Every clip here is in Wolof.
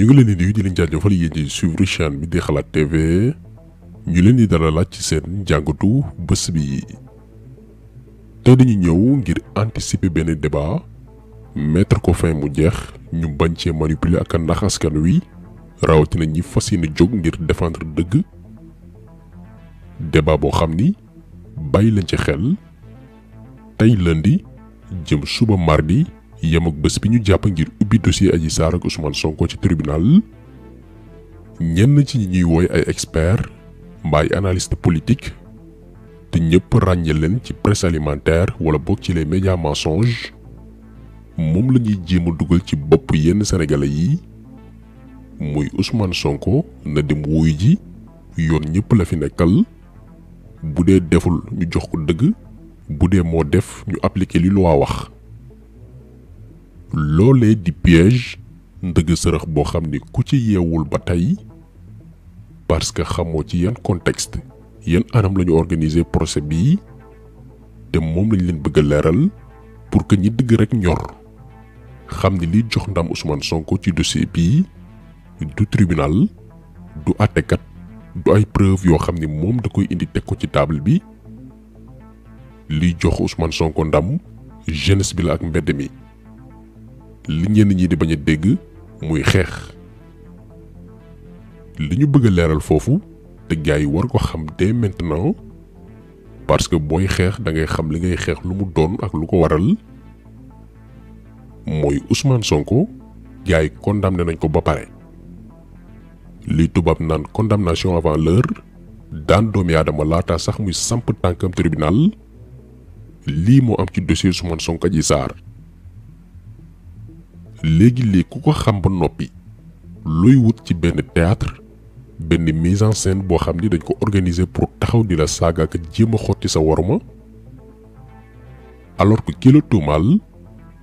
ñu ngi leen di nuyu di leen jaajëfal yéen ñi suivre chaîne bi di xalaat TV ñu leen di dalalaat ci seen jàngatu bés bi te dañu ñëw ngir anticiper benn débat mettre ko fin mu jeex ñu bañ cee manipuler ak ndax askan wi rawatina ñi fas yéene jóg ngir défendre dëgg débat boo xam ni bàyyi leen ci xel tey lundi jëm suba mardi yem ak bés bi ñu jàpp ngir. ubbi dossier Adji Sarr ak Ousmane Sonko ci tribunal ñenn ci ñi ñuy wooy ay expert mbaay analyste politique te ñëpp ràññe leen ci presse alimentaire wala boog ci les médias mensonges moom lañuy ñuy jéem dugal ci bopp yenn sénégalais yi muy Ousmane Sonko na dem wuyu ji yoon ñëpp la fi nekkal bu dee deful ñu jox ko dëgg bu dee moo def ñu appliquer li loi wax. loolee di piège ndëgg sërëx boo xam ni ku ci yeewul ba tey parce que xamoo ci yan contexte yan anam la ñu organiser procès bii te moom lañ leen bëgg a leeral pour que ñi dëgg rek ñor xam ni liy jox ndam Ousmane Sonko ci dossier bii du tribunal du àttekat du ay preuve yoo xam ni moom da koy indi teg ko ci table bi liy jox Ousmane Sonko ndam jeunesse bi la ak mbedd mi. li ñenn ñi di bañ a dégg muy xeex li ñu bëgg leeral foofu te gars war ko xam dès maintenant parce que booy xeex dangay xam li ngay xeex lu mu doon ak lu ko waral mooy Ousmane Sonko gars yi condamné nañ ko ba pare li tubaab naan condamnation avant l'heure daan doomi aadama laata sax muy samp tànkam tribunal lii moo am ci dossier sonk Sonko Adji Sarr léegi lii ku ko xam ba noppi luy wut ci benn théâtre benn mise en scène boo xam ni dañ ko organiser pour taxaw di la saaga ak jéem a xotti sa waruma alors que ki la tuumaal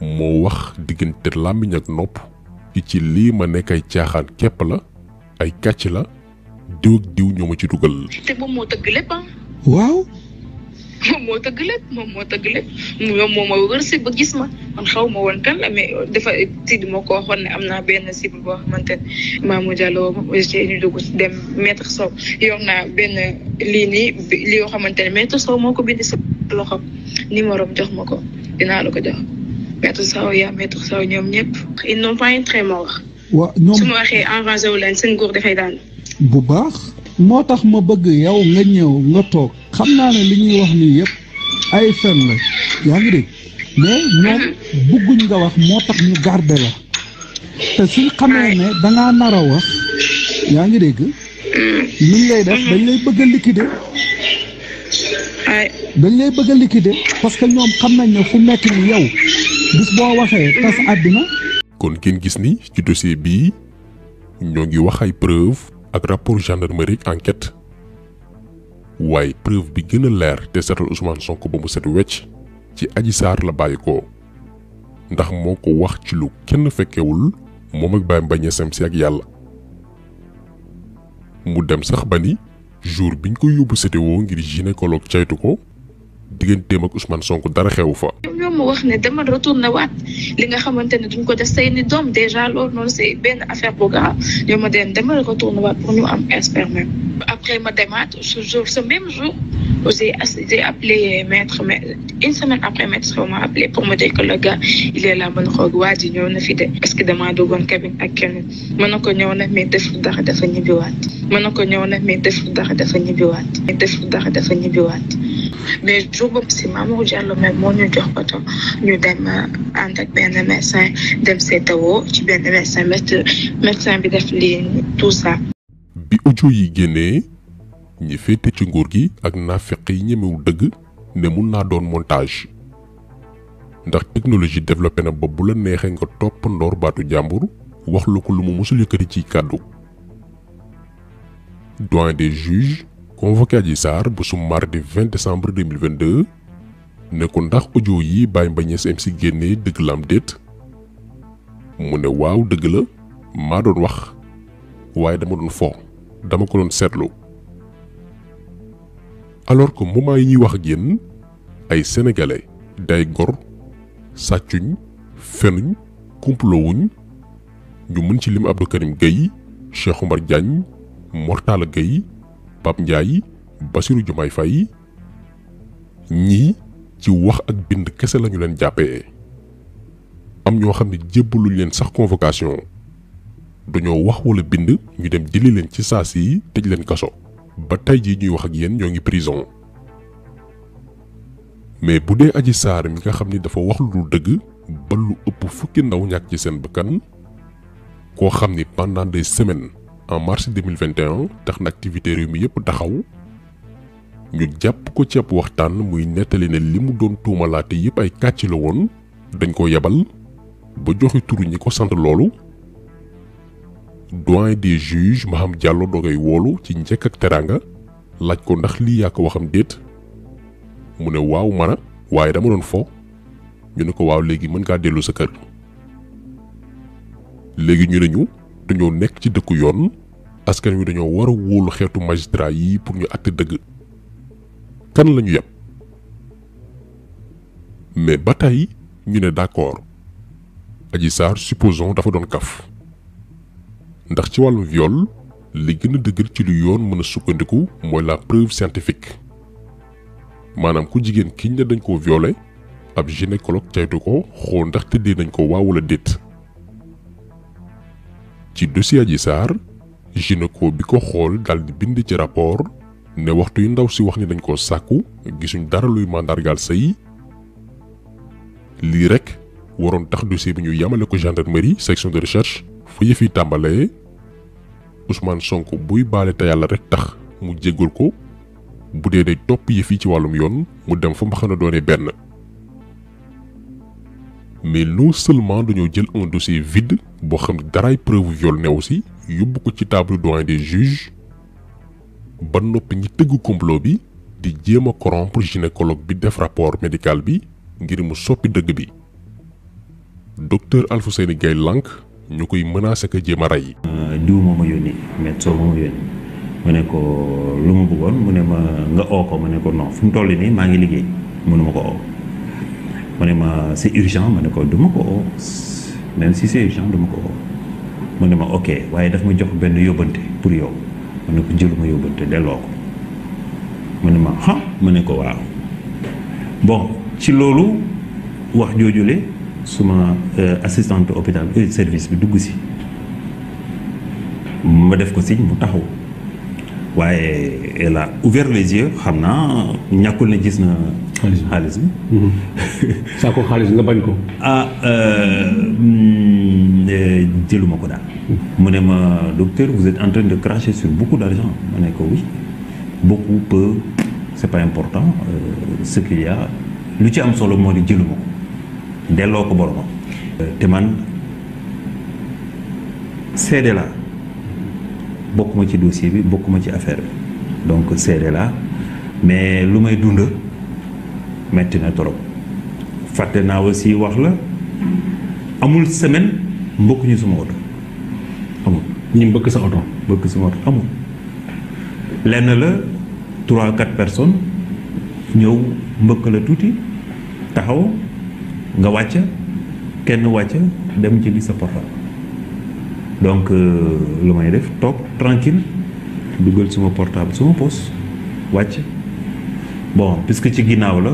moo wax diggante làmmiñ ak nopp ci ci lii ma nekk ay caaxaan képp la ay kàcc la diw ak diw ñoo ma ci dugal. Ah. waaw. moom moo tëgg lépp moom moo tëgg lépp moom moo ma wërsëg ba gis ma man xaw ma woon kan la mais dafa Sidi moo ko waxoon ne am naa benn cible boo xamante ne Mamour Diallo ñu dugg ci dem maître Sow yor naa benn lii nii li yoo xamante ne maître Sow moo ko bind si loxo numéro jox ma ko dinaa la ko jox maître Sow yaa maître Sow ñoom ñëpp. ils n'ont pas un très mort. waaw ñoom su ma waxee enragé wu leen seen nguur dafay daan. bu baax. moo tax ma bëgg yow nga ñëw nga toog. xam naa ne li ñuy wax nii yëpp ay fen la yaa ngi dégg mais ñoom mhm. bëgguñ nga wax moo tax ñu garder la te suñ xamee ne dangaa nar wax yaa ngi dégg mhm. luñ lay def dañ lay bëgg a liquider dañ lay bëgg a parce que ñoom xam nañ ne fu nekk ni yow bis boo waxee tas mhm. àddina kon kenn gis ni ci dossier bii ñoo ngi wax ay preuve ak rapport gendarmerie enquête waaye preuve bi gën a leer te setal Ousmane Sonko ba mu set wecc ci Adji Sarr la bàyyi ko ndax moo ko wax ci lu kenn fekkewul moom ak Baye Mbaye Niassam si ak yàlla mu dem sax ba ni jour biñ ko yóbbu CTO ngir gynécologue caytu ko digganteem ak Ousmane Sonko dara xewu fa. ñoom mu wax ne dama retourné waat li nga xamante ne duñ ko def say ni doom déjà loolu noonu c'est benn affaire bu grave ñoom ma dem dama waat pour ñu am expert même. après ma demaat ce jour ce même jour j'ai j'ai appelé maître mais une semaine après maître m'a appelé pour ma dire que le gars il est là man xoog waa ji ñëw na fi de parce que damaa duggoon cabine ak kenn mën na ko ñëw na mais def deful dara dafa ñibbiwaat mën na ko ñëw na mais deful dara dafa ñibbiwaat mais deful dara dafa ñibbiwaat mais jour boobu si euh, ci bi def yi génnee ñi féete ci nguur gi ak na naafeq yi ñemewul dëgg ne mun naa doon montage ndax technologie développé na ba bu la neexee nga topp ndoor baatu jàmbur wax lu ko lu mu mësul yëkkati ci kàddu doyen des juges. convoqué Adji Sarr bu su mardi 20 décembre 2022 ne ko ndax audio yi Baye Mbaye Niass MC génnee dëgg la am déet mu ne waaw dëgg la maa doon wax waaye dama doon fo dama ko doon seetlu alors que moment yi ñuy wax a yéen ay sénégalais day gor sàccuñ fenuñ kumplowuñ ñu mën ci lim Abdou Karim Gueye Cheikh Omar Diagne Mortala Gueye Pape Ndiaye Bassirou Diomaye Faye ñii ci wax ak bind kese lañu leen jàppe am ñoo xam ne jébbaluñ leen sax convocation dañoo wax walla bind ñu dem jëli leen ci saa si tëj leen kaso ba tey jii ñuy wax ak yéen ñoo ngi prison mais bu dee aji Sarr mi nga xam ni dafa wax lu dul dëgg ba lu ëpp fukki ndaw ñàkk ci seen bëkkan koo xam ni pendant des semaines en mars 2021 tax na activité réew mi yëpp taxaw ñu jàpp ko ci ab waxtaan muy nettali ne li mu doon tuumalaate yëpp ay kàcc la woon dañ ko yebal ba joxe turu ñi ko sant loolu de des juges Maham Diallo dogay woolu ci njëkk ak teraanga laaj ko ndax lii yaa ko waxam déet mu ne waaw man waaye dama doon fo ñu ne ko waaw léegi mën ngaa dellu sa kër léegi ñu ne ñu dañoo nekk ci dëkku yoon askan wi dañoo war a xeetu magistrat yi pour ñu àtte dëgg kan la ñu mais ba tey ñu ne d'accord aji Sarr supposons dafa doon kaf ndax ci wàllu viol li gën a ci lu yoon mën a sukkandiku mooy la preuve scientifique maanaam ku jigéen kiñ ne dañ ko violé ab gynécologue caytu ko xool ndax tëddee nañ ko waaw wala déet ci dossier Adji Sarr gynéco bi ko xool dal di bind ci rapport ne waxtu yu ndaw si wax ni dañ koo sàkku gisuñ dara luy màndargaal sëy lii rek waroon tax dossier bi ñuy yamale ko gendarmerie section de recherche fa yëf yi tàmbalee Ousmane sonk buy baale te yàlla rek tax mu jéggal ko bu dee day topp yëf ci wàllum yoon mu dem fa mbaxana doone benn mais non seulement duñoo jël un dossier vide boo xam ne daray preuve viol newu yóbbu ko ci table doyen des juges ba noppi ñi tëgg complot bi di jéem a corrompre gynécologue bi def rapport médical bi ngir mu soppi dëgg bi docteur Alfousseyni Gaye lank ñu koy menacé ka jéem a rey. Euh, diw moo ma yónni médecin moo ma yónni mu ne ko lu ma buggoon mu ne ma nga oo ko mu ne ko non fu mu toll nii maa ngi liggéey mënu ma ko oo mu ne ma c'est urgent ma ne ko du ko oo. nen si see genre dama ko mu ne ma ok waaye daf ma jox benn yóbbante pour yow ma ne ko jëluma yóbbante delloo ko mu ne ma ah ma ne ko waaw bon ci loolu wax joojule suma euh, assistante hôpital euh, service bi dugg si ma def ko siñ mu taxaw waaye la a ouvert les yeux xam naa ñàkkul na gis na xaalis bi mhm. xaalis nga bañ ko. ah euh, mm, eh, jëluma ko daal. mu ne ma docteur vous êtes en de cracher sur beaucoup d' argent ma ne ko oui peu c' pas important euh, ce qu'il y a lu ci am solo moo di jëluma ko delloo ko boromam. Euh, te man seede laa bokkuma ci dossier bi bokkuma ci affaire bi donc seede laa mais lu may dund. metti na trop fàtte naa aussi wax la amul semaine mbëkk ñu sama oto amul. ñu mbëkk sa oto. mbëkk sama oto amul lenn la trois quatre personnes ñëw mbëkk la tuuti taxaw nga wàcc kenn wàcc dem jëli sa portable donc euh, lu may def toog tranquille dugal suma portable suma poos wàcc. bon que ci ginnaaw la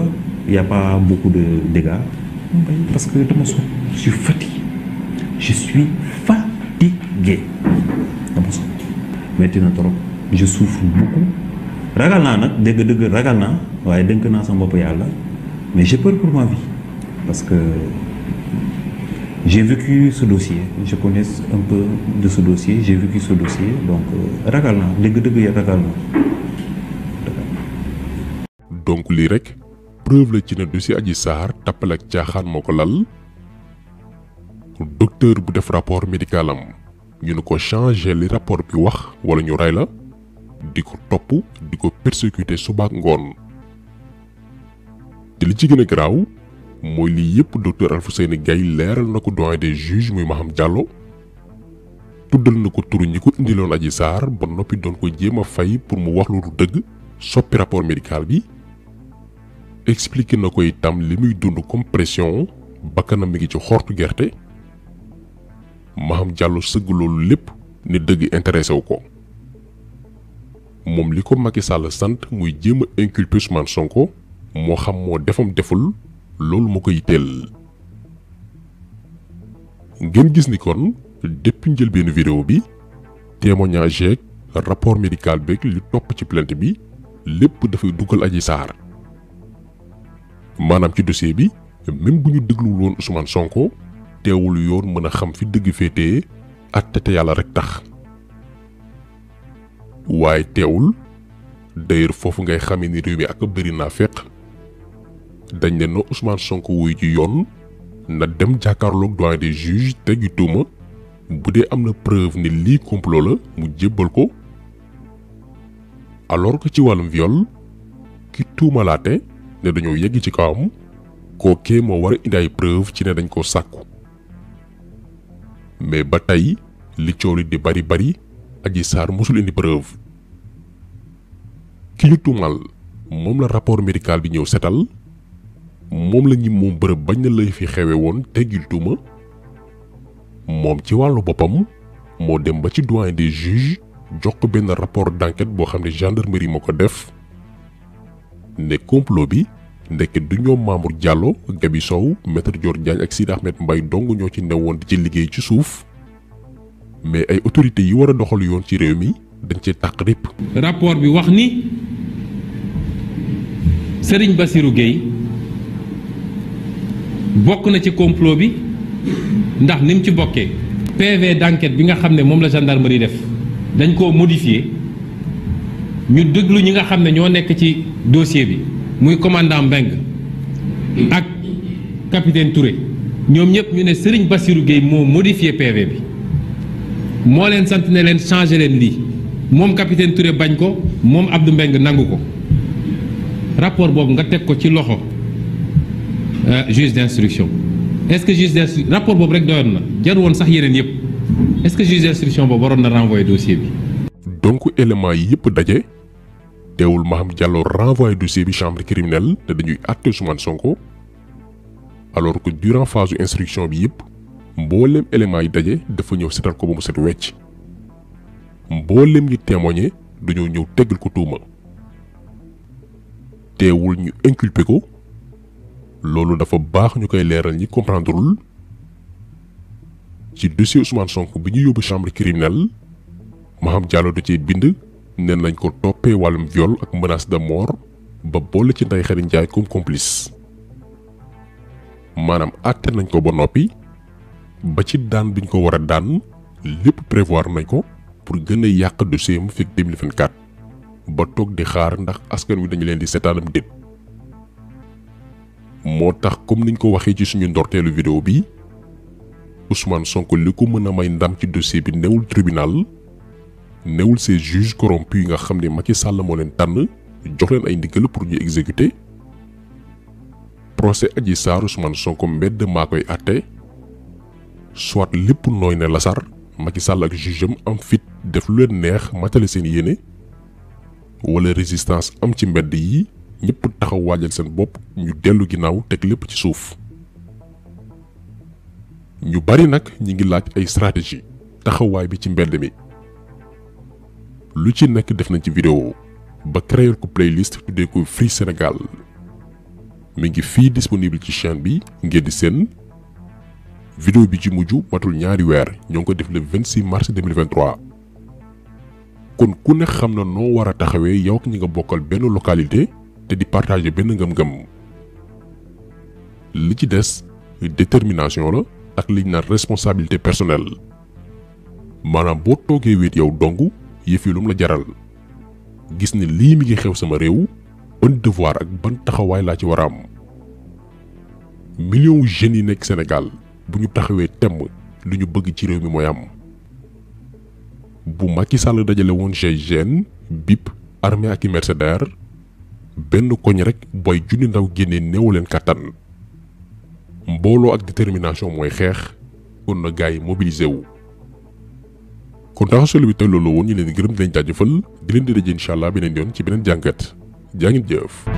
y a pas beaucoup de dégâts parce que dama sonn je suis je suis fatigué dama sonn metti na trop je souffre beaucoup ragal naa nag dëgg dëgg ragal naa waaye dënk naa sa bopp yàlla mais j'ai peur pour ma vie parce que j'ai vécu ce dossier je connais un peu de ce dossier j'ai vécu ce dossier donc euh, ragal naa dëgg dëgg ragal naa donc lii rek preuve la ci ne du si aji saar tappale ak caaxaan moo ko lal docteur bu def rapport médical am ñu ne ko changé li rapport bi wax wala ñu rey la di ko topp di ko persécuté subaak ngoon te li ci gën a garaaw mooy lii yëpp docteur Alfousseyni Gaye leeral na ko doyen des juges muy Maham Diallo tuddal na ko turu ñi ko indiloon aji saar ba noppi doon ko jéem a fay pour mu wax lu dul dëgg soppi rapport médical bi expliqué na ko itam li muy dund comme bakkanam mi ngi ci xortu gerte Maham jàll sëgg loolu lépp ni dëgg intéressé wu ko moom li ko Macky Sall sant muy jéem a inculper Ousmane Sonko moo xam moo defam deful loolu moo koy teel. ngeen gis ni kon depuis njëlbeenu vidéo bi témoignage yeeg rapport médical beeg li topp ci plainte bi lépp dafay duggal aji Sarr maanaam ci dossier bi même bu ñu dégluwul woon Ousmane Sonko teewul yoon mën a xam fi dégg féete atte te yàlla rek tax waaye teewul d'ailleurs foofu ngay xamee ni réew mi ak bëri naa feq dañ ne no Ousmane Sonko wuy ci yoon na dem jàkkaarloog doyen des juges teggi tuuma bu dee am na preuve ni lii complot la mu jébbal ko alors que ci wàllum viol ki tuumalaate ne dañoo yegg ci kawam kookee moo war a indi ay preuve ci ne dañ koo sàkku mais ba tey li coow li di bari bari Adji Sarr mosul indi preuve ki ñu tuumal moom la rapport médical bi ñëw setal moom la ñi moom bërëb bañ na lay fi xewe woon teggil tuuma moom ci wàllu boppam moo dem ba ci doyen des juges jox ko benn rapport d'enquête boo xam ne gendarmerie moo ko def ne complot bi ndekk du ñoom Mamour Diallo Gabi Sow maître Dior Diagne ak Sidi Ahmed dong ñoo ci newoon di ci liggéey ci suuf mais ay autorités yi war a doxal yoon ci réew mi dañ cee tàq rip. rapport bi wax ni Serigne Bassirou Gueye bokk na ci complot bi ndax ni mu ci bokkee. PV d'enquête bi nga xam ne moom la di def dañ ko modifier ñu déglu ñi nga xam ne ñoo nekk ci dossier bi muy commandant Mbengue ak capitaine Touré ñoom ñëpp ñu ne Serigne Bassirou Gueye moo modifié PV bi moo leen sant ne leen changé leen lii moom capitaine Touré bañ ko moom Abdou Mbengue nangu ko rapport boobu nga teg ko ci loxo euh, juge d'instruction est-ce que juge d'instruction rapport boobu rek doyoon na jar woon sax yeneen yëpp est-ce que juge d'instruction boobu waroon na renvoyer dossier bi donc éléments yi yëpp daje teewul Maham Diallo renvoyé dossier bi chambre criminelle te dañuy àtte Ousmane Sonko alors que durant phase instruction bi yëpp mboolem éléments yi daje dafa ñëw setal ko ba mu set wecc mboolem ñi témoigné dañoo ñëw teggal ko tuuma teewul ñu inculpe ko loolu dafa baax ñu koy leeral ñi comprendrewul ci dossier Ousmane sonk bi ñu yóbbu chambre criminelle Maham Diallo da cee bind. neen lañ ko toppee wàllum viol ak menace de mort ba boole ci Ndeye Khady Ndiaye comme complice maanaam àtte nañ ko ba noppi ba ci daan biñ ko war a daan lépp prévoir nañ ko pour gën yàq dossier mu fekk 2024 ba toog di xaar ndax askan wi dañu leen di seetaanam déet moo tax comme niñ ko waxee ci suñu ndorteelu vidéo bi Ousmane sonk li ko mën a may ndam ci dossier bi newul tribunal. newul ces juges corrompus yi nga xam ne Macky Sall moo leen tànn jox ay ndigal pour ñu exécuter procès Adji Sarr Ousmane Sonko mbedd maa koy àtte soit lépp nooy ne lasar Macky Sall ak juge am am fit def lu leen neex matale seen yéene wala résistance am ci mbedd yi ñëpp taxaw waajal seen bopp ñu dellu ginnaaw teg lépp ci suuf ñu bari nag ñu ngi laaj ay stratégie taxawaay bi ci mbedd mi. lu ci nekk def nañ ci vidéo ba créer ko playlist tuddee ko Free Sénégal mi ngi fii disponible ci chaîne bi ngeen di seen vidéo bi ci mujj matul ñaari weer ñoo ngi ko def le 26 mars 2023 kon ku ne xam na noo war a taxawee yow ak ñi nga bokkal benn localité te di partager benn ngëm-ngëm li ci des détermination la ak liñ naan responsabilité personnelle maanaam boo toogee wéet yow dong yëf yi lu mu la jaral gis ni lii mi ngi xew sama réew ban devoir ak ban taxawaay laa ci war a am millions jeunes yi nekk senegal bu ñu taxawee temm lu ñu bëgg ci réew mi mooy am bu Macky Sall dajale woon GIGN BIP armée ak i mercenaires benn koñ rek booy junni ndaw génnee néew leen kàttan mbooloo ak détermination mooy xeex kon na gars yi mobilisé wu. kon taxasalu bi tey loolu woon ñu leen gërëm di leen jaajëfal di leen di daje incha allah beneen yoon ci beneen jàngat jaa jëf